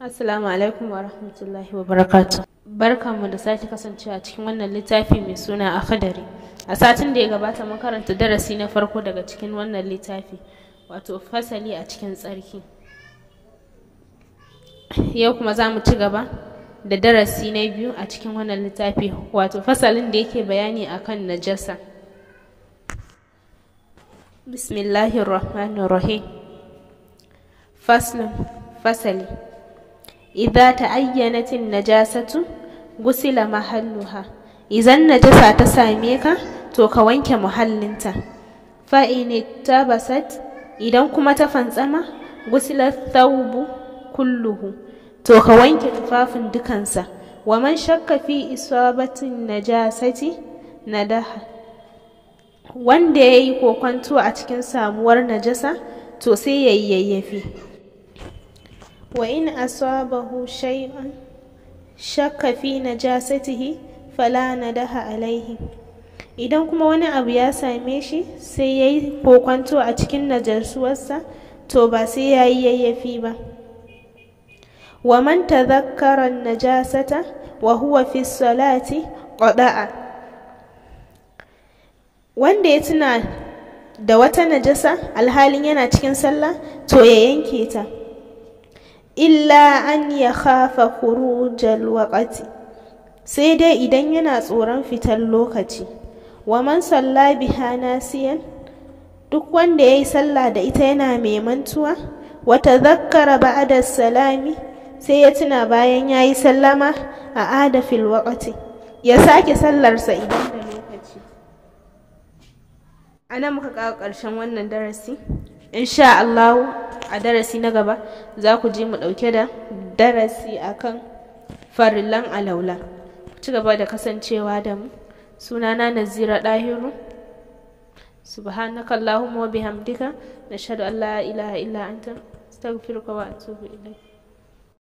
Assalamu alaikum wa rahmatullahi wa barakatu. Barkanmu da sake kasancewa cikin wannan littafi mai suna a kadari. A satin da ya gabata mun karanta darasi na farko daga cikin wannan littafi, wato fasali a cikin tsarki. Yau kuma za mu ci gaba da darasi na biyu a cikin wannan littafi, wato fasalin da yake bayani a akan najasa. Bismillahirrahmanirrahim. Faslun fasali. idza ta'ayyanat najasatu gusila mahalluha idan najasa ta same ka to ka wanke muhallinta fa in tabasat idan kuma ta fantsama gusila thawbu kulluhu to ka wanke tufafin dukansa wa man shakka fi isabatin najasati nadaha wanda ya yi kwanto a cikin samuwar najasa to sai ya yi yayyafi wa in asabahu shay'un shakka fi najasatihi fala nadaha alaihi idan kuma wani abu ya same shi sai ya yi a cikin najarsuwarsa to ba sai ya yi yayyafi ba wa man tadhakkara najasata wa huwa fi salati qada'a wanda ya tuna da wata najasa alhalin yana cikin sallah to ya yanke ta illa an ya khafa khurujal waqati sai dai idan yana tsoron fitar lokaci wa man salla biha nasiyan duk wanda yayi sallah da ita yana mai mantuwa wa tadhakkara ba'da salami sai ya tuna bayan yayi sallama a ada fil waqati ya sake sallarsa idan da lokaci anan muka kawo ƙarshen wannan darasi insha Allah a darasi na gaba za ku ji mu ɗauke da darasi akan farillan alaula ku ci gaba da kasancewa da mu sunana nazira ɗahiru subhanakallahumma wa bihamdika nashhadu an la ilaha illa anta astaghfiruka wa atubu ilayk